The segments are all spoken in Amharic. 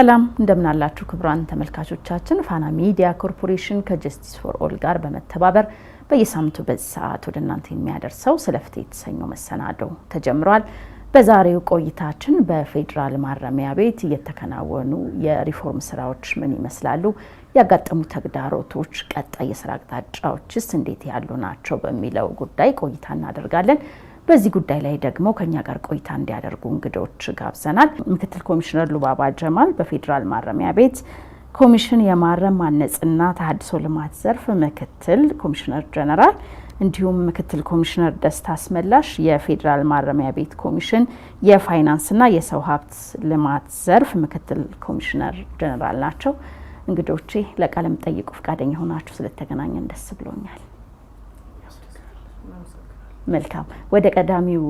ሰላም እንደምናላችሁ ክቡራን ተመልካቾቻችን፣ ፋና ሚዲያ ኮርፖሬሽን ከጀስቲስ ፎር ኦል ጋር በመተባበር በየሳምንቱ በዚህ ሰዓት ወደ እናንተ የሚያደርሰው ስለ ፍትህ የተሰኘው መሰናዶው ተጀምሯል። በዛሬው ቆይታችን በፌዴራል ማረሚያ ቤት እየተከናወኑ የሪፎርም ስራዎች ምን ይመስላሉ፣ ያጋጠሙ ተግዳሮቶች፣ ቀጣይ የስራ አቅጣጫዎችስ እንዴት ያሉ ናቸው በሚለው ጉዳይ ቆይታ እናደርጋለን። በዚህ ጉዳይ ላይ ደግሞ ከኛ ጋር ቆይታ እንዲያደርጉ እንግዶች ጋብዘናል። ምክትል ኮሚሽነር ሉባባ ጀማል በፌዴራል ማረሚያ ቤት ኮሚሽን የማረም ማነጽና ተሀድሶ ልማት ዘርፍ ምክትል ኮሚሽነር ጀነራል እንዲሁም ምክትል ኮሚሽነር ደስታ አስመላሽ የፌዴራል ማረሚያ ቤት ኮሚሽን የፋይናንስና የሰው ሀብት ልማት ዘርፍ ምክትል ኮሚሽነር ጀነራል ናቸው። እንግዶቼ ለቃለም ጠይቁ ፈቃደኛ ሆናችሁ ስለተገናኘን ደስ ብሎኛል። መልካም ወደ ቀዳሚው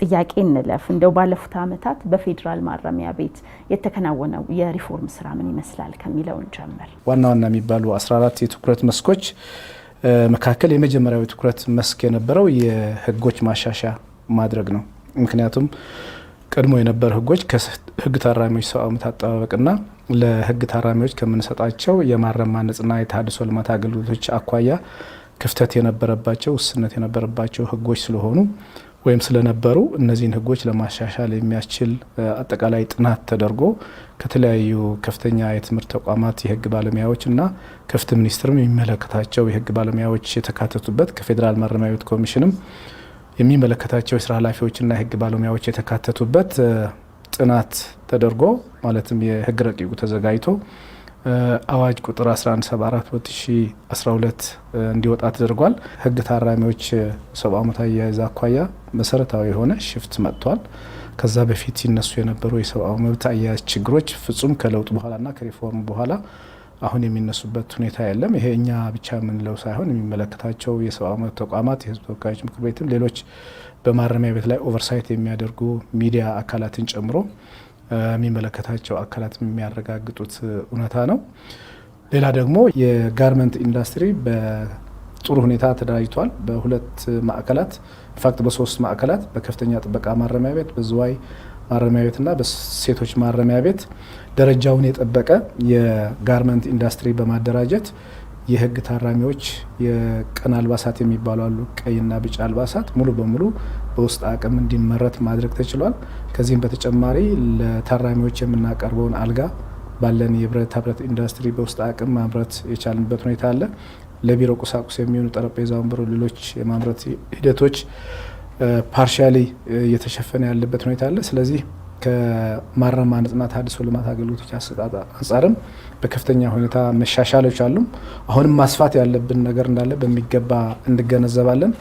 ጥያቄ እንለፍ። እንደው ባለፉት ዓመታት በፌዴራል ማረሚያ ቤት የተከናወነው የሪፎርም ስራ ምን ይመስላል ከሚለውን ጀምር። ዋና ዋና የሚባሉ 14 የትኩረት መስኮች መካከል የመጀመሪያው የትኩረት መስክ የነበረው የህጎች ማሻሻ ማድረግ ነው። ምክንያቱም ቀድሞ የነበሩ ህጎች ከህግ ታራሚዎች ሰብአዊ መብት አጠባበቅና ለህግ ታራሚዎች ከምንሰጣቸው የማረም ማነጽና የተሃድሶ ልማት አገልግሎቶች አኳያ ክፍተት የነበረባቸው ውስነት የነበረባቸው ህጎች ስለሆኑ ወይም ስለነበሩ እነዚህን ህጎች ለማሻሻል የሚያስችል አጠቃላይ ጥናት ተደርጎ ከተለያዩ ከፍተኛ የትምህርት ተቋማት የህግ ባለሙያዎች እና ከፍትህ ሚኒስትርም የሚመለከታቸው የህግ ባለሙያዎች የተካተቱበት ከፌዴራል ማረሚያ ቤት ኮሚሽንም የሚመለከታቸው የስራ ኃላፊዎችና የህግ ባለሙያዎች የተካተቱበት ጥናት ተደርጎ ማለትም የህግ ረቂቁ ተዘጋጅቶ አዋጅ ቁጥር 1174 2012 እንዲወጣ ተደርጓል። ህግ ታራሚዎች ሰብአዊ መብት አያያዝ አኳያ መሰረታዊ የሆነ ሽፍት መጥቷል። ከዛ በፊት ሲነሱ የነበሩ የሰብአዊ መብት አያያዝ ችግሮች ፍጹም ከለውጥ በኋላና ከሪፎርም በኋላ አሁን የሚነሱበት ሁኔታ የለም። ይሄ እኛ ብቻ የምንለው ሳይሆን የሚመለከታቸው የሰብአዊ መብት ተቋማት፣ የህዝብ ተወካዮች ምክር ቤትም ሌሎች በማረሚያ ቤት ላይ ኦቨርሳይት የሚያደርጉ ሚዲያ አካላትን ጨምሮ የሚመለከታቸው አካላት የሚያረጋግጡት እውነታ ነው። ሌላ ደግሞ የጋርመንት ኢንዱስትሪ በጥሩ ሁኔታ ተደራጅቷል። በሁለት ማዕከላት ኢንፋክት በሶስት ማዕከላት በከፍተኛ ጥበቃ ማረሚያ ቤት፣ በዝዋይ ማረሚያ ቤትና በሴቶች ማረሚያ ቤት ደረጃውን የጠበቀ የጋርመንት ኢንዱስትሪ በማደራጀት የህግ ታራሚዎች የቀን አልባሳት የሚባሉ አሉ። ቀይና ቢጫ አልባሳት ሙሉ በሙሉ በውስጥ አቅም እንዲመረት ማድረግ ተችሏል። ከዚህም በተጨማሪ ለታራሚዎች የምናቀርበውን አልጋ ባለን የብረታ ብረት ኢንዱስትሪ በውስጥ አቅም ማምረት የቻልንበት ሁኔታ አለ። ለቢሮ ቁሳቁስ የሚሆኑ ጠረጴዛ፣ ወንበሩ፣ ሌሎች የማምረት ሂደቶች ፓርሻሊ እየተሸፈነ ያለበት ሁኔታ አለ። ስለዚህ ከማረማ ንጽናት አዲሶ ልማት አገልግሎቶች አሰጣጥ አንጻርም በከፍተኛ ሁኔታ መሻሻሎች አሉም። አሁንም ማስፋት ያለብን ነገር እንዳለ በሚገባ እንገነዘባለን።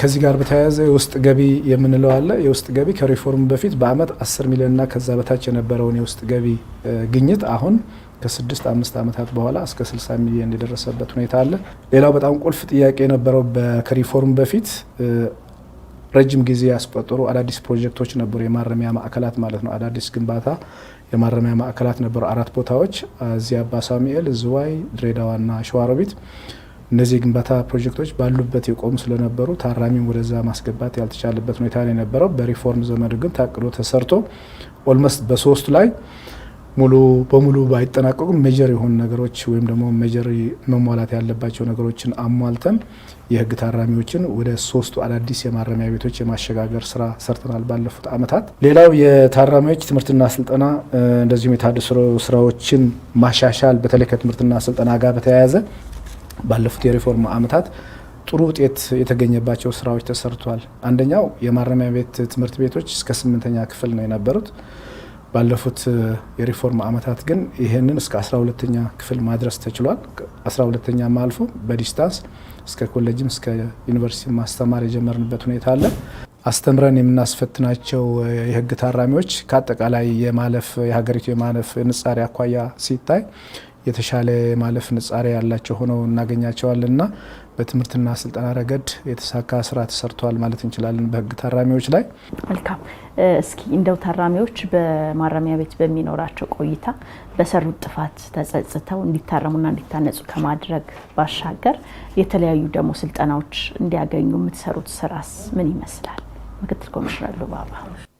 ከዚህ ጋር በተያያዘ የውስጥ ገቢ የምንለው አለ። የውስጥ ገቢ ከሪፎርም በፊት በአመት 10 ሚሊዮንና ከዛ በታች የነበረውን የውስጥ ገቢ ግኝት አሁን ከስድስት አምስት ዓመታት በኋላ እስከ 60 ሚሊዮን የደረሰበት ሁኔታ አለ። ሌላው በጣም ቁልፍ ጥያቄ የነበረው ከሪፎርም በፊት ረጅም ጊዜ ያስቆጠሩ አዳዲስ ፕሮጀክቶች ነበሩ። የማረሚያ ማዕከላት ማለት ነው። አዳዲስ ግንባታ የማረሚያ ማዕከላት ነበሩ። አራት ቦታዎች እዚያ አባ ሳሙኤል፣ ዝዋይ፣ ድሬዳዋና ሸዋሮቢት እነዚህ የግንባታ ፕሮጀክቶች ባሉበት የቆሙ ስለነበሩ ታራሚም ወደዛ ማስገባት ያልተቻለበት ሁኔታ ነው የነበረው። በሪፎርም ዘመን ግን ታቅዶ ተሰርቶ ኦልሞስት በሶስቱ ላይ ሙሉ በሙሉ ባይጠናቀቁም ሜጀር የሆኑ ነገሮች ወይም ደግሞ ሜጀር መሟላት ያለባቸው ነገሮችን አሟልተን የህግ ታራሚዎችን ወደ ሶስቱ አዳዲስ የማረሚያ ቤቶች የማሸጋገር ስራ ሰርተናል ባለፉት አመታት። ሌላው የታራሚዎች ትምህርትና ስልጠና እንደዚሁም የታድሶ ስራዎችን ማሻሻል በተለይ ከትምህርትና ስልጠና ጋር በተያያዘ ባለፉት የሪፎርም ዓመታት ጥሩ ውጤት የተገኘባቸው ስራዎች ተሰርቷል። አንደኛው የማረሚያ ቤት ትምህርት ቤቶች እስከ ስምንተኛ ክፍል ነው የነበሩት። ባለፉት የሪፎርም ዓመታት ግን ይህንን እስከ 12ተኛ ክፍል ማድረስ ተችሏል። 12ተኛ አልፎ በዲስታንስ እስከ ኮሌጅም እስከ ዩኒቨርሲቲ ማስተማር የጀመርንበት ሁኔታ አለ። አስተምረን የምናስፈትናቸው የህግ ታራሚዎች ከአጠቃላይ የማለፍ የሀገሪቱ የማለፍ ንጻሪ አኳያ ሲታይ የተሻለ ማለፍ ንጻሬ ያላቸው ሆነው እናገኛቸዋለን እና በትምህርትና ስልጠና ረገድ የተሳካ ስራ ተሰርተዋል ማለት እንችላለን በህግ ታራሚዎች ላይ። መልካም። እስኪ እንደው ታራሚዎች በማረሚያ ቤት በሚኖራቸው ቆይታ በሰሩት ጥፋት ተጸጽተው እንዲታረሙና እንዲታነጹ ከማድረግ ባሻገር የተለያዩ ደግሞ ስልጠናዎች እንዲያገኙ የምትሰሩት ስራስ ምን ይመስላል? ምክትል ኮሚሽነር ሉባባ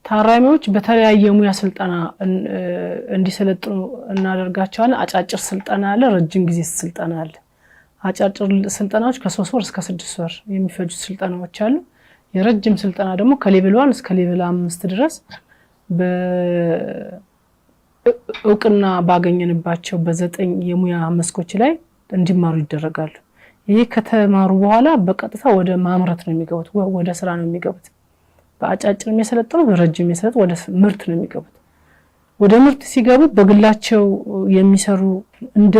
ታራሚዎች በተለያየ ሙያ ስልጠና እንዲሰለጥኑ እናደርጋቸዋለን። አጫጭር ስልጠና አለ፣ ረጅም ጊዜ ስልጠና አለ። አጫጭር ስልጠናዎች ከሶስት ወር እስከ ስድስት ወር የሚፈጁ ስልጠናዎች አሉ። የረጅም ስልጠና ደግሞ ከሌቭል ዋን እስከ ሌቭል አምስት ድረስ እውቅና ባገኘንባቸው በዘጠኝ የሙያ መስኮች ላይ እንዲማሩ ይደረጋሉ። ይህ ከተማሩ በኋላ በቀጥታ ወደ ማምረት ነው የሚገቡት፣ ወደ ስራ ነው የሚገቡት። በአጫጭር የሚያሰለጥኑ በረጅም የሚያሰለጥ ወደ ምርት ነው የሚገቡት። ወደ ምርት ሲገቡ በግላቸው የሚሰሩ እንደ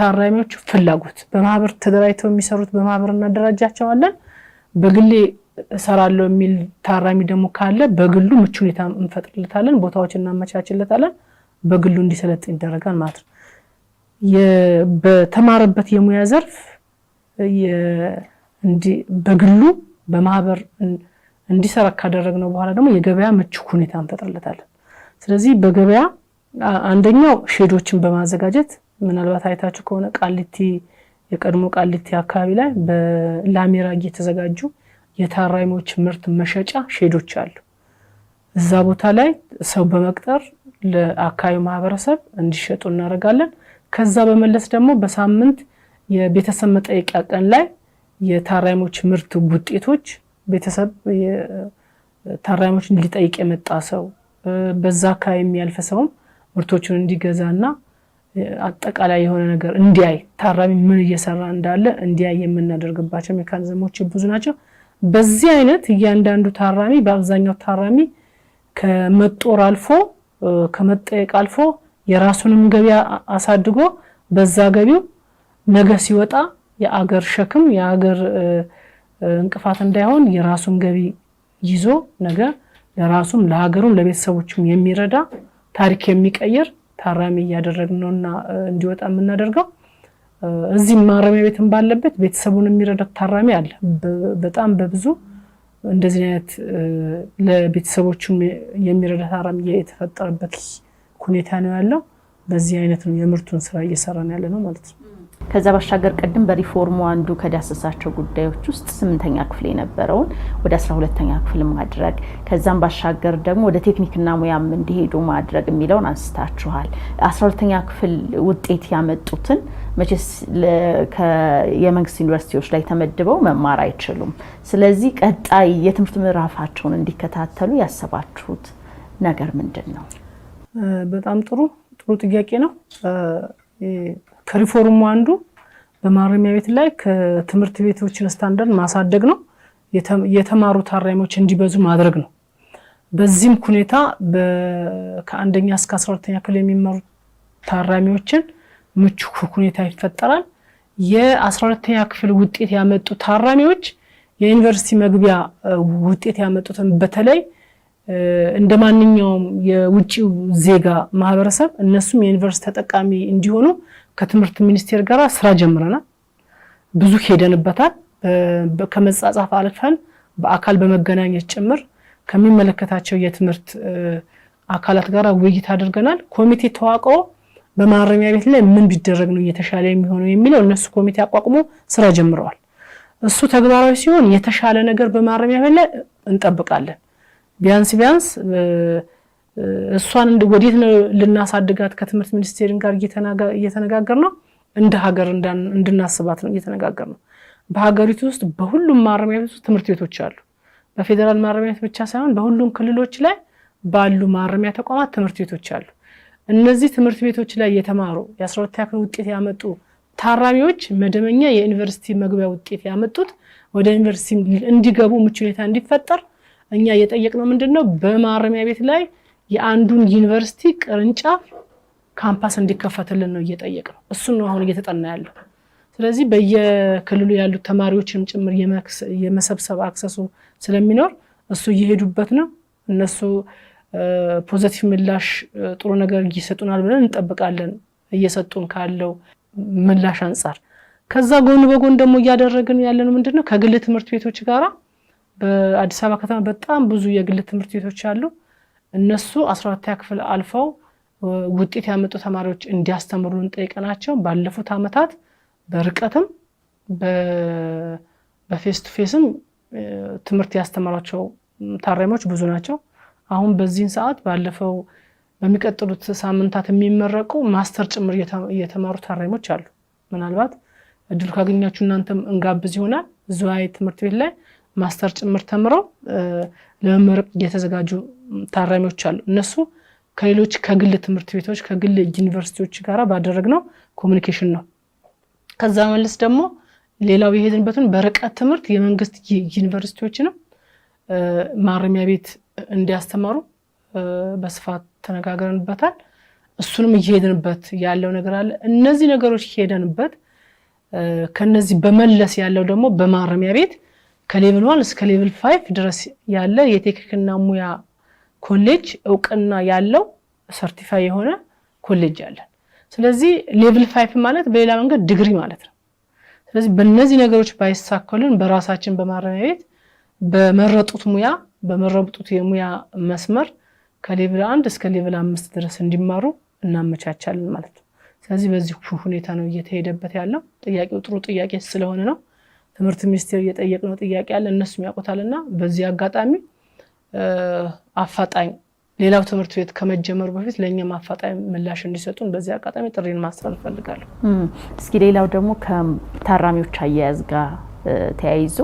ታራሚዎቹ ፍላጎት በማህበር ተደራጅተው የሚሰሩት በማህበር እናደራጃቸዋለን። በግሌ እሰራለሁ የሚል ታራሚ ደግሞ ካለ በግሉ ምቹ ሁኔታ እንፈጥርለታለን፣ ቦታዎች እናመቻችለታለን። በግሉ እንዲሰለጥን ይደረጋል ማለት ነው። በተማረበት የሙያ ዘርፍ በግሉ በማህበር እንዲሰራ ካደረግነው በኋላ ደግሞ የገበያ ምቹ ሁኔታ እንፈጥርለታለን። ስለዚህ በገበያ አንደኛው ሼዶችን በማዘጋጀት ምናልባት አይታችሁ ከሆነ ቃሊቲ የቀድሞ ቃሊቲ አካባቢ ላይ በላሜራግ የተዘጋጁ የታራሚዎች ምርት መሸጫ ሼዶች አሉ። እዛ ቦታ ላይ ሰው በመቅጠር ለአካባቢው ማህበረሰብ እንዲሸጡ እናደርጋለን። ከዛ በመለስ ደግሞ በሳምንት የቤተሰብ መጠየቂያ ቀን ላይ የታራሚዎች ምርት ውጤቶች ቤተሰብ ታራሚዎችን እንዲጠይቅ የመጣ ሰው በዛ አካባቢ የሚያልፈ ሰውም ምርቶችን እንዲገዛ እና አጠቃላይ የሆነ ነገር እንዲያይ ታራሚ ምን እየሰራ እንዳለ እንዲያይ የምናደርግባቸው ሜካኒዝሞች ብዙ ናቸው። በዚህ አይነት እያንዳንዱ ታራሚ በአብዛኛው ታራሚ ከመጦር አልፎ ከመጠየቅ አልፎ የራሱንም ገቢያ አሳድጎ በዛ ገቢው ነገ ሲወጣ የአገር ሸክም የአገር እንቅፋት እንዳይሆን የራሱን ገቢ ይዞ ነገ ለራሱም ለሀገሩም ለቤተሰቦቹም የሚረዳ ታሪክ የሚቀይር ታራሚ እያደረግን ነውና እንዲወጣ የምናደርገው። እዚህም ማረሚያ ቤትም ባለበት ቤተሰቡን የሚረዳ ታራሚ አለ። በጣም በብዙ እንደዚህ አይነት ለቤተሰቦቹም የሚረዳ ታራሚ የተፈጠረበት ሁኔታ ነው ያለው። በዚህ አይነት ነው የምርቱን ስራ እየሰራ ነው ያለ ነው ማለት ነው። ከዛ ባሻገር ቅድም በሪፎርሙ አንዱ ከዳሰሳቸው ጉዳዮች ውስጥ ስምንተኛ ክፍል የነበረውን ወደ አስራ ሁለተኛ ክፍል ማድረግ ከዛም ባሻገር ደግሞ ወደ ቴክኒክና ሙያም እንዲሄዱ ማድረግ የሚለውን አንስታችኋል። አስራ ሁለተኛ ክፍል ውጤት ያመጡትን መቼስ የመንግስት ዩኒቨርሲቲዎች ላይ ተመድበው መማር አይችሉም። ስለዚህ ቀጣይ የትምህርት ምዕራፋቸውን እንዲከታተሉ ያሰባችሁት ነገር ምንድን ነው? በጣም ጥሩ ጥሩ ጥያቄ ነው። ከሪፎርሙ አንዱ በማረሚያ ቤት ላይ ከትምህርት ቤቶችን ስታንዳርድ ማሳደግ ነው። የተማሩ ታራሚዎች እንዲበዙ ማድረግ ነው። በዚህም ሁኔታ ከአንደኛ እስከ አስራ ሁለተኛ ክፍል የሚመሩ ታራሚዎችን ምቹ ሁኔታ ይፈጠራል። የአስራ ሁለተኛ ክፍል ውጤት ያመጡ ታራሚዎች የዩኒቨርሲቲ መግቢያ ውጤት ያመጡትን በተለይ እንደ ማንኛውም የውጭ ዜጋ ማህበረሰብ እነሱም የዩኒቨርሲቲ ተጠቃሚ እንዲሆኑ ከትምህርት ሚኒስቴር ጋር ስራ ጀምረናል። ብዙ ሄደንበታል። ከመጻጻፍ አልፈን በአካል በመገናኘት ጭምር ከሚመለከታቸው የትምህርት አካላት ጋር ውይይት አድርገናል። ኮሚቴ ተዋቅሮ በማረሚያ ቤት ላይ ምን ቢደረግ ነው የተሻለ የሚሆነው የሚለው እነሱ ኮሚቴ አቋቁሞ ስራ ጀምረዋል። እሱ ተግባራዊ ሲሆን የተሻለ ነገር በማረሚያ ቤት ላይ እንጠብቃለን። ቢያንስ ቢያንስ እሷን ወዴት ነው ልናሳድጋት? ከትምህርት ሚኒስቴርን ጋር እየተነጋገር ነው። እንደ ሀገር እንድናስባት ነው እየተነጋገር ነው። በሀገሪቱ ውስጥ በሁሉም ማረሚያ ቤት ውስጥ ትምህርት ቤቶች አሉ። በፌዴራል ማረሚያ ቤት ብቻ ሳይሆን በሁሉም ክልሎች ላይ ባሉ ማረሚያ ተቋማት ትምህርት ቤቶች አሉ። እነዚህ ትምህርት ቤቶች ላይ የተማሩ የአስራ ሁለተኛ ክፍል ውጤት ያመጡ ታራሚዎች መደበኛ የዩኒቨርሲቲ መግቢያ ውጤት ያመጡት ወደ ዩኒቨርሲቲ እንዲገቡ ምቹ ሁኔታ እንዲፈጠር እኛ እየጠየቅነው ምንድን ነው በማረሚያ ቤት ላይ የአንዱን ዩኒቨርሲቲ ቅርንጫፍ ካምፓስ እንዲከፈትልን ነው እየጠየቅ ነው። እሱን ነው አሁን እየተጠና ያለው። ስለዚህ በየክልሉ ያሉት ተማሪዎችም ጭምር የመሰብሰብ አክሰሱ ስለሚኖር እሱ እየሄዱበት ነው። እነሱ ፖዘቲቭ ምላሽ ጥሩ ነገር ይሰጡናል ብለን እንጠብቃለን። እየሰጡን ካለው ምላሽ አንጻር ከዛ ጎን በጎን ደግሞ እያደረግን ያለነው ምንድን ነው ከግል ትምህርት ቤቶች ጋር በአዲስ አበባ ከተማ በጣም ብዙ የግል ትምህርት ቤቶች አሉ። እነሱ አስራ ሁለተኛ ክፍል አልፈው ውጤት ያመጡ ተማሪዎች እንዲያስተምሩን ጠይቀናቸው ባለፉት ዓመታት በርቀትም በፌስ ቱ ፌስም ትምህርት ያስተማሯቸው ታራሚዎች ብዙ ናቸው። አሁን በዚህን ሰዓት ባለፈው በሚቀጥሉት ሳምንታት የሚመረቁ ማስተር ጭምር እየተማሩ ታራሚዎች አሉ። ምናልባት እድሉ ካገኛችሁ እናንተም እንጋብዝ ይሆናል እዚያ ትምህርት ቤት ላይ ማስተር ጭምር ተምረው ለመመረቅ የተዘጋጁ ታራሚዎች አሉ። እነሱ ከሌሎች ከግል ትምህርት ቤቶች ከግል ዩኒቨርሲቲዎች ጋር ባደረግነው ኮሚኒኬሽን ነው። ከዛ መለስ ደግሞ ሌላው የሄድንበትን በርቀት ትምህርት የመንግስት ዩኒቨርሲቲዎችንም ማረሚያ ቤት እንዲያስተማሩ በስፋት ተነጋግረንበታል። እሱንም እየሄድንበት ያለው ነገር አለ። እነዚህ ነገሮች ሄደንበት ከነዚህ በመለስ ያለው ደግሞ በማረሚያ ቤት ከሌቭል ዋን እስከ ሌቭል ፋይቭ ድረስ ያለ የቴክኒክና ሙያ ኮሌጅ እውቅና ያለው ሰርቲፋይ የሆነ ኮሌጅ አለን። ስለዚህ ሌቭል ፋይቭ ማለት በሌላ መንገድ ድግሪ ማለት ነው። ስለዚህ በእነዚህ ነገሮች ባይሳኮልን በራሳችን በማረሚያ ቤት በመረጡት ሙያ በመረጡት የሙያ መስመር ከሌቭል አንድ እስከ ሌቭል አምስት ድረስ እንዲማሩ እናመቻቻለን ማለት ነው። ስለዚህ በዚህ ሁኔታ ነው እየተሄደበት ያለው። ጥያቄው ጥሩ ጥያቄ ስለሆነ ነው። ትምህርት ሚኒስቴር እየጠየቅነው ጥያቄ አለ፣ እነሱም ያውቁታልና በዚህ አጋጣሚ አፋጣኝ ሌላው ትምህርት ቤት ከመጀመሩ በፊት ለእኛም አፋጣኝ ምላሽ እንዲሰጡን በዚህ አጋጣሚ ጥሪን ማስተላለፍ እፈልጋለሁ። እስኪ ሌላው ደግሞ ከታራሚዎች አያያዝ ጋር ተያይዞ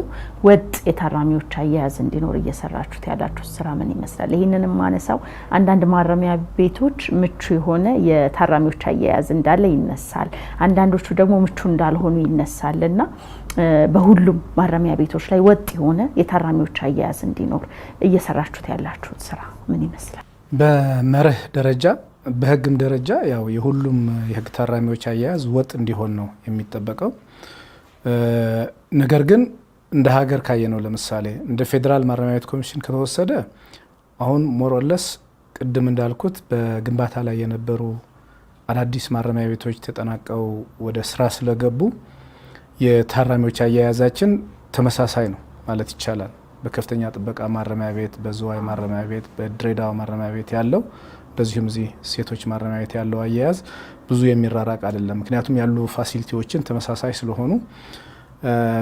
ወጥ የታራሚዎች አያያዝ እንዲኖር እየሰራችሁት ያላችሁት ስራ ምን ይመስላል? ይህንን ማነሳው አንዳንድ ማረሚያ ቤቶች ምቹ የሆነ የታራሚዎች አያያዝ እንዳለ ይነሳል፣ አንዳንዶቹ ደግሞ ምቹ እንዳልሆኑ ይነሳል እና በሁሉም ማረሚያ ቤቶች ላይ ወጥ የሆነ የታራሚዎች አያያዝ እንዲኖር እየሰራችሁት ያላችሁት ስራ ምን ይመስላል? በመርህ ደረጃ በህግም ደረጃ ያው የሁሉም የህግ ታራሚዎች አያያዝ ወጥ እንዲሆን ነው የሚጠበቀው። ነገር ግን እንደ ሀገር ካየ ነው ለምሳሌ እንደ ፌዴራል ማረሚያ ቤት ኮሚሽን ከተወሰደ አሁን ሞሮለስ ቅድም እንዳልኩት በግንባታ ላይ የነበሩ አዳዲስ ማረሚያ ቤቶች ተጠናቀው ወደ ስራ ስለገቡ የታራሚዎች አያያዛችን ተመሳሳይ ነው ማለት ይቻላል። በከፍተኛ ጥበቃ ማረሚያ ቤት፣ በዝዋይ ማረሚያ ቤት፣ በድሬዳዋ ማረሚያ ቤት ያለው እንደዚሁም እዚህ ሴቶች ማረሚያ ቤት ያለው አያያዝ ብዙ የሚራራቅ አይደለም። ምክንያቱም ያሉ ፋሲሊቲዎችን ተመሳሳይ ስለሆኑ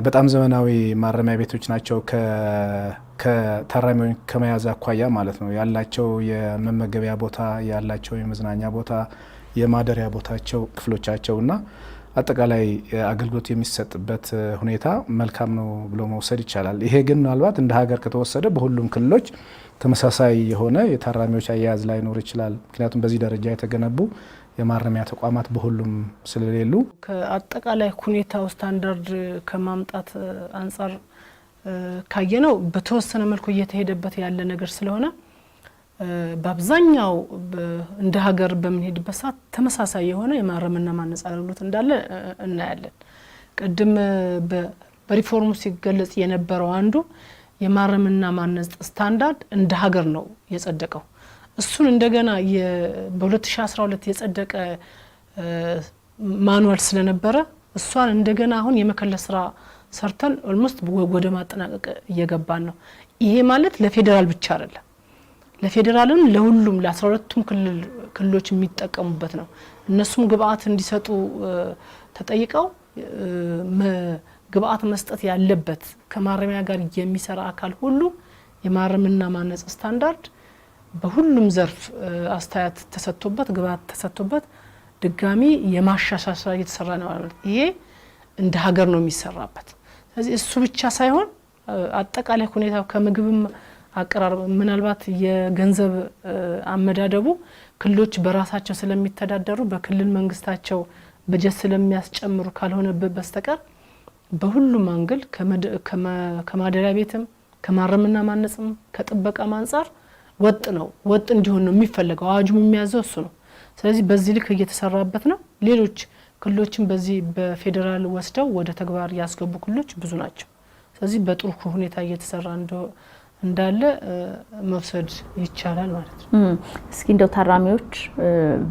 በጣም ዘመናዊ ማረሚያ ቤቶች ናቸው። ከታራሚዎች ከመያዝ አኳያ ማለት ነው ያላቸው የመመገቢያ ቦታ፣ ያላቸው የመዝናኛ ቦታ፣ የማደሪያ ቦታቸው ክፍሎቻቸው እና አጠቃላይ አገልግሎት የሚሰጥበት ሁኔታ መልካም ነው ብሎ መውሰድ ይቻላል። ይሄ ግን ምናልባት እንደ ሀገር ከተወሰደ በሁሉም ክልሎች ተመሳሳይ የሆነ የታራሚዎች አያያዝ ላይኖር ይችላል። ምክንያቱም በዚህ ደረጃ የተገነቡ የማረሚያ ተቋማት በሁሉም ስለሌሉ ከአጠቃላይ ሁኔታው ስታንዳርድ ከማምጣት አንጻር ካየነው በተወሰነ መልኩ እየተሄደበት ያለ ነገር ስለሆነ በአብዛኛው እንደ ሀገር በምንሄድበት ሰዓት ተመሳሳይ የሆነ የማረምና ማነጽ አገልግሎት እንዳለ እናያለን። ቅድም በሪፎርሙ ሲገለጽ የነበረው አንዱ የማረምና ማነጽ ስታንዳርድ እንደ ሀገር ነው የጸደቀው። እሱን እንደገና በ2012 የጸደቀ ማኑዋል ስለነበረ እሷን እንደገና አሁን የመከለስ ስራ ሰርተን ኦልሞስት ወደ ማጠናቀቅ እየገባን ነው። ይሄ ማለት ለፌዴራል ብቻ አይደለም ለፌዴራልም ለሁሉም ለአስራ ሁለቱም ክልሎች የሚጠቀሙበት ነው። እነሱም ግብአት እንዲሰጡ ተጠይቀው ግብአት መስጠት ያለበት ከማረሚያ ጋር የሚሰራ አካል ሁሉ የማረምና ማነጽ ስታንዳርድ በሁሉም ዘርፍ አስተያየት ተሰጥቶበት ግብአት ተሰጥቶበት ድጋሚ የማሻሻል ስራ እየተሰራ ነው ማለት ይሄ እንደ ሀገር ነው የሚሰራበት። ስለዚህ እሱ ብቻ ሳይሆን አጠቃላይ ሁኔታው ከምግብም አቀራረብ ምናልባት የገንዘብ አመዳደቡ ክልሎች በራሳቸው ስለሚተዳደሩ በክልል መንግስታቸው በጀት ስለሚያስጨምሩ ካልሆነበት በስተቀር በሁሉም አንግል ከማደሪያ ቤትም ከማረምና ማነጽም ከጥበቃም አንጻር ወጥ ነው። ወጥ እንዲሆን ነው የሚፈለገው። አዋጁም የሚያዘው እሱ ነው። ስለዚህ በዚህ ልክ እየተሰራበት ነው። ሌሎች ክልሎችም በዚህ በፌዴራል ወስደው ወደ ተግባር ያስገቡ ክልሎች ብዙ ናቸው። ስለዚህ በጥሩ ሁኔታ እየተሰራ እንዳለ መውሰድ ይቻላል ማለት ነው። እስኪ እንደው ታራሚዎች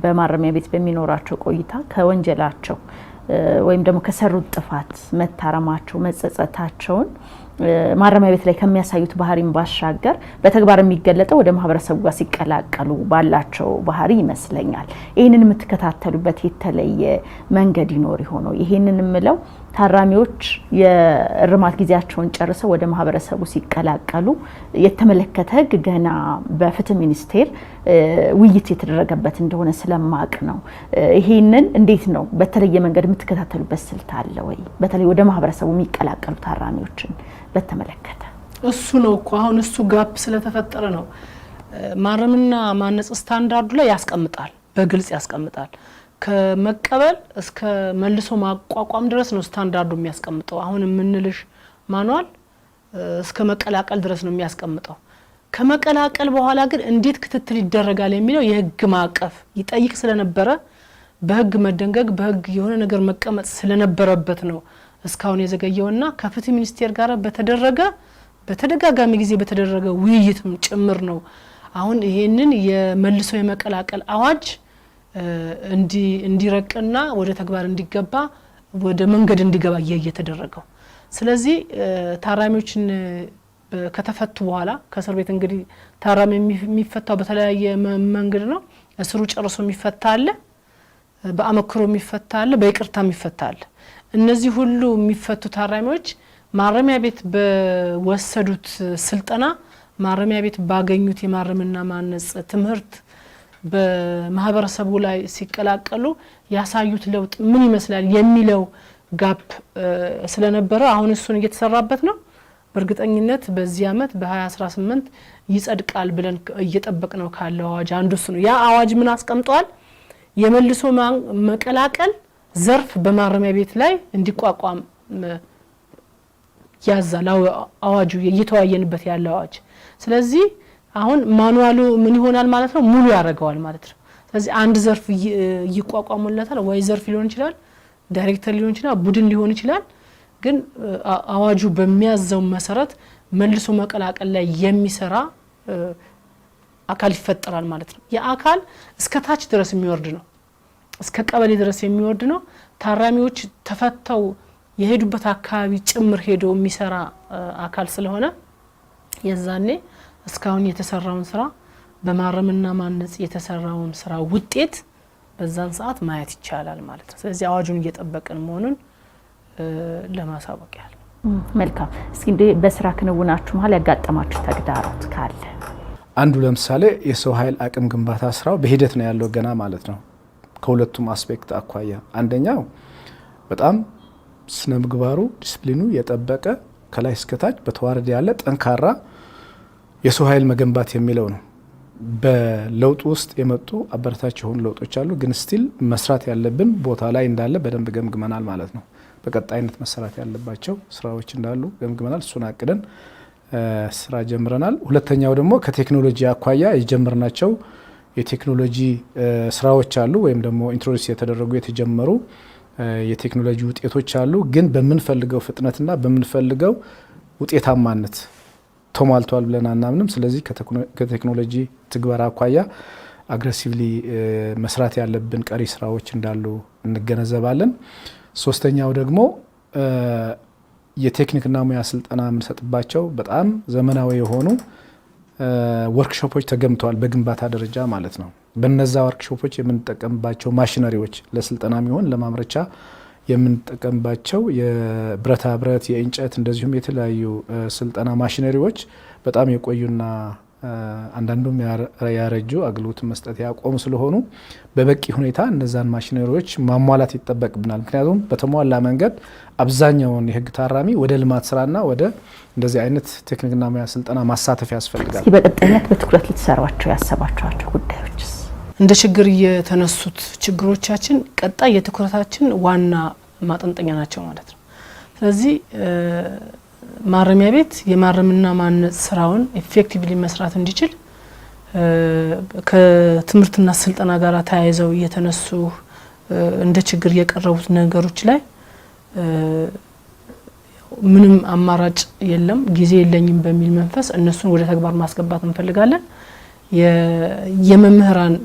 በማረሚያ ቤት በሚኖራቸው ቆይታ ከወንጀላቸው ወይም ደግሞ ከሰሩት ጥፋት መታረማቸው፣ መጸጸታቸውን ማረሚያ ቤት ላይ ከሚያሳዩት ባህሪም ባሻገር በተግባር የሚገለጠው ወደ ማህበረሰቡ ጋር ሲቀላቀሉ ባላቸው ባህሪ ይመስለኛል። ይህንን የምትከታተሉበት የተለየ መንገድ ይኖር ይሆነው? ይህንን የምለው ታራሚዎች የእርማት ጊዜያቸውን ጨርሰው ወደ ማህበረሰቡ ሲቀላቀሉ የተመለከተ ህግ ገና በፍትህ ሚኒስቴር ውይይት የተደረገበት እንደሆነ ስለማቅ ነው። ይህንን እንዴት ነው በተለየ መንገድ የምትከታተሉበት ስልት አለ ወይ? በተለይ ወደ ማህበረሰቡ የሚቀላቀሉ ታራሚዎችን በተመለከተ እሱ ነው እኮ አሁን እሱ ጋፕ ስለተፈጠረ ነው። ማረምና ማነጽ ስታንዳርዱ ላይ ያስቀምጣል፣ በግልጽ ያስቀምጣል። ከመቀበል እስከ መልሶ ማቋቋም ድረስ ነው ስታንዳርዱ የሚያስቀምጠው። አሁን የምንልሽ ማኗል እስከ መቀላቀል ድረስ ነው የሚያስቀምጠው። ከመቀላቀል በኋላ ግን እንዴት ክትትል ይደረጋል የሚለው የህግ ማዕቀፍ ይጠይቅ ስለነበረ በህግ መደንገግ በህግ የሆነ ነገር መቀመጥ ስለነበረበት ነው እስካሁን የዘገየውና ከፍትህ ሚኒስቴር ጋር በተደረገ በተደጋጋሚ ጊዜ በተደረገ ውይይትም ጭምር ነው አሁን ይሄንን የመልሶ የመቀላቀል አዋጅ እንዲረቅና ወደ ተግባር እንዲገባ ወደ መንገድ እንዲገባ እየተደረገው። ስለዚህ ታራሚዎችን ከተፈቱ በኋላ ከእስር ቤት እንግዲህ ታራሚ የሚፈታው በተለያየ መንገድ ነው። እስሩ ጨርሶ የሚፈታ አለ፣ በአመክሮ የሚፈታ አለ፣ በይቅርታ የሚፈታ አለ። እነዚህ ሁሉ የሚፈቱ ታራሚዎች ማረሚያ ቤት በወሰዱት ስልጠና ማረሚያ ቤት ባገኙት የማረምና ማነጽ ትምህርት በማህበረሰቡ ላይ ሲቀላቀሉ ያሳዩት ለውጥ ምን ይመስላል የሚለው ጋፕ ስለነበረ አሁን እሱን እየተሰራበት ነው። በእርግጠኝነት በዚህ አመት በ2018 ይጸድቃል ብለን እየጠበቅ ነው ካለው አዋጅ አንዱ እሱ ነው። ያ አዋጅ ምን አስቀምጧል? የመልሶ መቀላቀል ዘርፍ በማረሚያ ቤት ላይ እንዲቋቋም ያዛል አዋጁ፣ እየተወያየንበት ያለ አዋጅ ስለዚህ አሁን ማኑዋሉ ምን ይሆናል ማለት ነው፣ ሙሉ ያደርገዋል ማለት ነው። ስለዚህ አንድ ዘርፍ ይቋቋሙለታል ወይ ዘርፍ ሊሆን ይችላል፣ ዳይሬክተር ሊሆን ይችላል፣ ቡድን ሊሆን ይችላል። ግን አዋጁ በሚያዘው መሰረት መልሶ መቀላቀል ላይ የሚሰራ አካል ይፈጠራል ማለት ነው። አካል እስከ ታች ድረስ የሚወርድ ነው፣ እስከ ቀበሌ ድረስ የሚወርድ ነው። ታራሚዎች ተፈተው የሄዱበት አካባቢ ጭምር ሄዶ የሚሰራ አካል ስለሆነ የዛኔ እስካሁን የተሰራውን ስራ በማረምና ማነጽ የተሰራውን ስራ ውጤት በዛን ሰዓት ማየት ይቻላል ማለት ነው። ስለዚህ አዋጁን እየጠበቅን መሆኑን ለማሳወቅ ያህል። መልካም። እስኪ በስራ ክንውናችሁ መሀል ያጋጠማችሁ ተግዳሮት ካለ? አንዱ ለምሳሌ የሰው ኃይል አቅም ግንባታ ስራው በሂደት ነው ያለው ገና ማለት ነው። ከሁለቱም አስፔክት አኳያ አንደኛው በጣም ስነ ምግባሩ ዲስፕሊኑ የጠበቀ ከላይ እስከታች በተዋረድ ያለ ጠንካራ የሰው ኃይል መገንባት የሚለው ነው። በለውጡ ውስጥ የመጡ አበረታች የሆኑ ለውጦች አሉ፣ ግን ስቲል መስራት ያለብን ቦታ ላይ እንዳለ በደንብ ገምግመናል ማለት ነው። በቀጣይነት መሰራት ያለባቸው ስራዎች እንዳሉ ገምግመናል። እሱን አቅደን ስራ ጀምረናል። ሁለተኛው ደግሞ ከቴክኖሎጂ አኳያ የጀመርናቸው የቴክኖሎጂ ስራዎች አሉ፣ ወይም ደግሞ ኢንትሮዲስ የተደረጉ የተጀመሩ የቴክኖሎጂ ውጤቶች አሉ፣ ግን በምንፈልገው ፍጥነትና በምንፈልገው ውጤታማነት ተሟልተዋል ብለን አናምንም። ስለዚህ ከቴክኖሎጂ ትግበራ አኳያ አግሬሲቭሊ መስራት ያለብን ቀሪ ስራዎች እንዳሉ እንገነዘባለን። ሶስተኛው ደግሞ የቴክኒክና ሙያ ስልጠና የምንሰጥባቸው በጣም ዘመናዊ የሆኑ ወርክሾፖች ተገምተዋል፣ በግንባታ ደረጃ ማለት ነው። በነዛ ወርክሾፖች የምንጠቀምባቸው ማሽነሪዎች ለስልጠና የሚሆን ለማምረቻ የምንጠቀምባቸው የብረታ ብረት፣ የእንጨት እንደዚሁም የተለያዩ ስልጠና ማሽነሪዎች በጣም የቆዩና አንዳንዱም ያረጁ አገልግሎት መስጠት ያቆሙ ስለሆኑ በበቂ ሁኔታ እነዛን ማሽነሪዎች ማሟላት ይጠበቅብናል። ምክንያቱም በተሟላ መንገድ አብዛኛውን የህግ ታራሚ ወደ ልማት ስራና ወደ እንደዚህ አይነት ቴክኒክና ሙያ ስልጠና ማሳተፍ ያስፈልጋል። በቀጣይነት በትኩረት ልትሰሯቸው ያሰባቸዋቸው ጉዳዮችስ እንደ ችግር የተነሱት ችግሮቻችን ቀጣይ የትኩረታችን ዋና ማጠንጠኛ ናቸው ማለት ነው። ስለዚህ ማረሚያ ቤት የማረምና ማነጽ ስራውን ኤፌክቲቭሊ መስራት እንዲችል ከትምህርትና ስልጠና ጋር ተያይዘው እየተነሱ እንደ ችግር የቀረቡት ነገሮች ላይ ምንም አማራጭ የለም ጊዜ የለኝም በሚል መንፈስ እነሱን ወደ ተግባር ማስገባት እንፈልጋለን። የመምህራን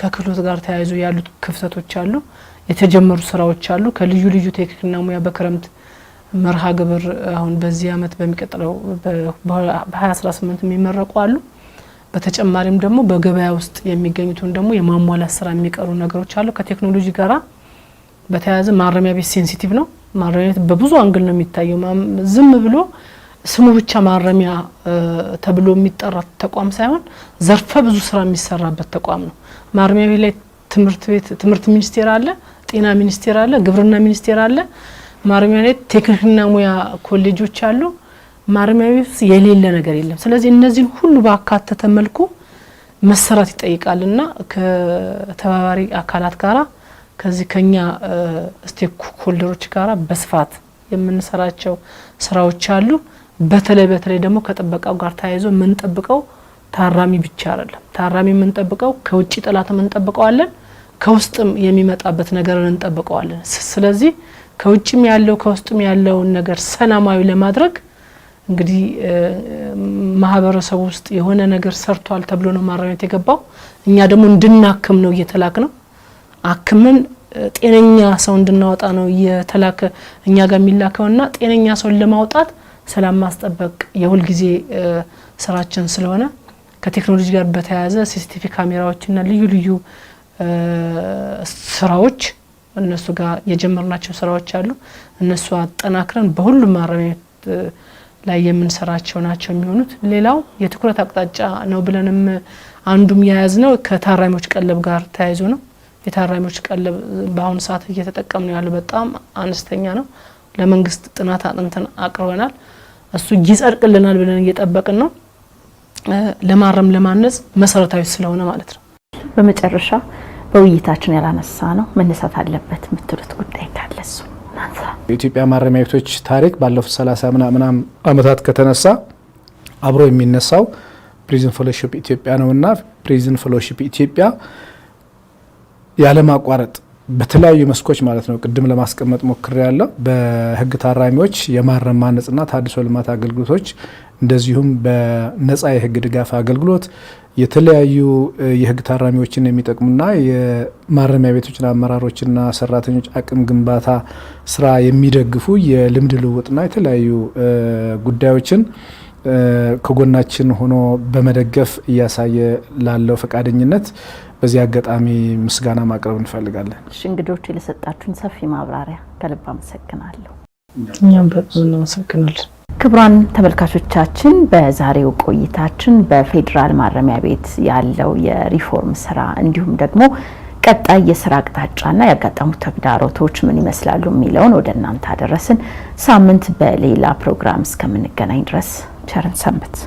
ከክህሎት ጋር ተያይዞ ያሉት ክፍተቶች አሉ። የተጀመሩ ስራዎች አሉ። ከልዩ ልዩ ቴክኒክና ሙያ በክረምት መርሃ ግብር አሁን በዚህ አመት በሚቀጥለው በ2018 የሚመረቁ አሉ። በተጨማሪም ደግሞ በገበያ ውስጥ የሚገኙትን ደግሞ የማሟላት ስራ የሚቀሩ ነገሮች አሉ። ከቴክኖሎጂ ጋር በተያያዘ ማረሚያ ቤት ሴንሲቲቭ ነው። ማረሚያ ቤት በብዙ አንግል ነው የሚታየው ዝም ብሎ ስሙ ብቻ ማረሚያ ተብሎ የሚጠራ ተቋም ሳይሆን ዘርፈ ብዙ ስራ የሚሰራበት ተቋም ነው። ማረሚያ ቤት ላይ ትምህርት ቤት ትምህርት ሚኒስቴር አለ፣ ጤና ሚኒስቴር አለ፣ ግብርና ሚኒስቴር አለ። ማረሚያ ቤት ቴክኒክና ሙያ ኮሌጆች አሉ። ማረሚያ ቤት ውስጥ የሌለ ነገር የለም። ስለዚህ እነዚህን ሁሉ ባካተተ መልኩ መሰራት ይጠይቃል እና ከተባባሪ አካላት ጋራ ከዚህ ከኛ ስቴክ ሆልደሮች ጋራ በስፋት የምንሰራቸው ስራዎች አሉ። በተለይ በተለይ ደግሞ ከጥበቃው ጋር ተያይዞ የምንጠብቀው ታራሚ ብቻ አይደለም። ታራሚ የምንጠብቀው ከውጭ ጠላትም እንጠብቀዋለን፣ ከውስጥም የሚመጣበት ነገር እንጠብቀዋለን። ስለዚህ ከውጭም ያለው ከውስጥም ያለውን ነገር ሰላማዊ ለማድረግ እንግዲህ ማህበረሰብ ውስጥ የሆነ ነገር ሰርቷል ተብሎ ነው ማረሚያት የገባው። እኛ ደግሞ እንድናክም ነው እየተላክ ነው አክምን ጤነኛ ሰው እንድናወጣ ነው እየተላከ እኛ ጋር የሚላከውና ጤነኛ ሰውን ለማውጣት ሰላም ማስጠበቅ የሁልጊዜ ስራችን ስለሆነ ከቴክኖሎጂ ጋር በተያያዘ ሲሲቲቪ ካሜራዎችና ልዩ ልዩ ስራዎች እነሱ ጋር የጀመርናቸው ስራዎች አሉ። እነሱ አጠናክረን በሁሉም ማረሚያ ቤት ላይ የምንሰራቸው ናቸው የሚሆኑት። ሌላው የትኩረት አቅጣጫ ነው ብለንም አንዱም የያዝ ነው ከታራሚዎች ቀለብ ጋር ተያይዞ ነው። የታራሚዎች ቀለብ በአሁኑ ሰዓት እየተጠቀምነው ነው ያለው በጣም አነስተኛ ነው። ለመንግስት ጥናት አጥንተን አቅርበናል። እሱ ይጸድቅልናል ብለን እየጠበቅን ነው። ለማረም ለማነጽ መሰረታዊ ስለሆነ ማለት ነው። በመጨረሻ በውይይታችን ያላነሳ ነው መነሳት አለበት የምትሉት ጉዳይ ካለ እሱ የኢትዮጵያ ማረሚያ ቤቶች ታሪክ ባለፉት ሰላሳ ምናምን አመታት ከተነሳ አብሮ የሚነሳው ፕሪዝን ፌሎሺፕ ኢትዮጵያ ነውና ፕሪዝን ፌሎሺፕ ኢትዮጵያ ያለማቋረጥ በተለያዩ መስኮች ማለት ነው። ቅድም ለማስቀመጥ ሞክሬ ያለው በህግ ታራሚዎች የማረም ማነጽና ታድሶ ልማት አገልግሎቶች እንደዚሁም በነጻ የህግ ድጋፍ አገልግሎት የተለያዩ የህግ ታራሚዎችን የሚጠቅሙና የማረሚያ ቤቶችን አመራሮችና ሰራተኞች አቅም ግንባታ ስራ የሚደግፉ የልምድ ልውውጥና የተለያዩ ጉዳዮችን ከጎናችን ሆኖ በመደገፍ እያሳየ ላለው ፈቃደኝነት በዚህ አጋጣሚ ምስጋና ማቅረብ እንፈልጋለን። እሺ እንግዶቹ ለሰጣችሁን ሰፊ ማብራሪያ ከልብ አመሰግናለሁ። እኛም በጣም እናመሰግናለን። ክቡራን ተመልካቾቻችን በዛሬው ቆይታችን በፌዴራል ማረሚያ ቤት ያለው የሪፎርም ስራ እንዲሁም ደግሞ ቀጣይ የስራ አቅጣጫና ያጋጠሙ ተግዳሮቶች ምን ይመስላሉ የሚለውን ወደ እናንተ አደረስን። ሳምንት በሌላ ፕሮግራም እስከምንገናኝ ድረስ ቸርን ሰንብት።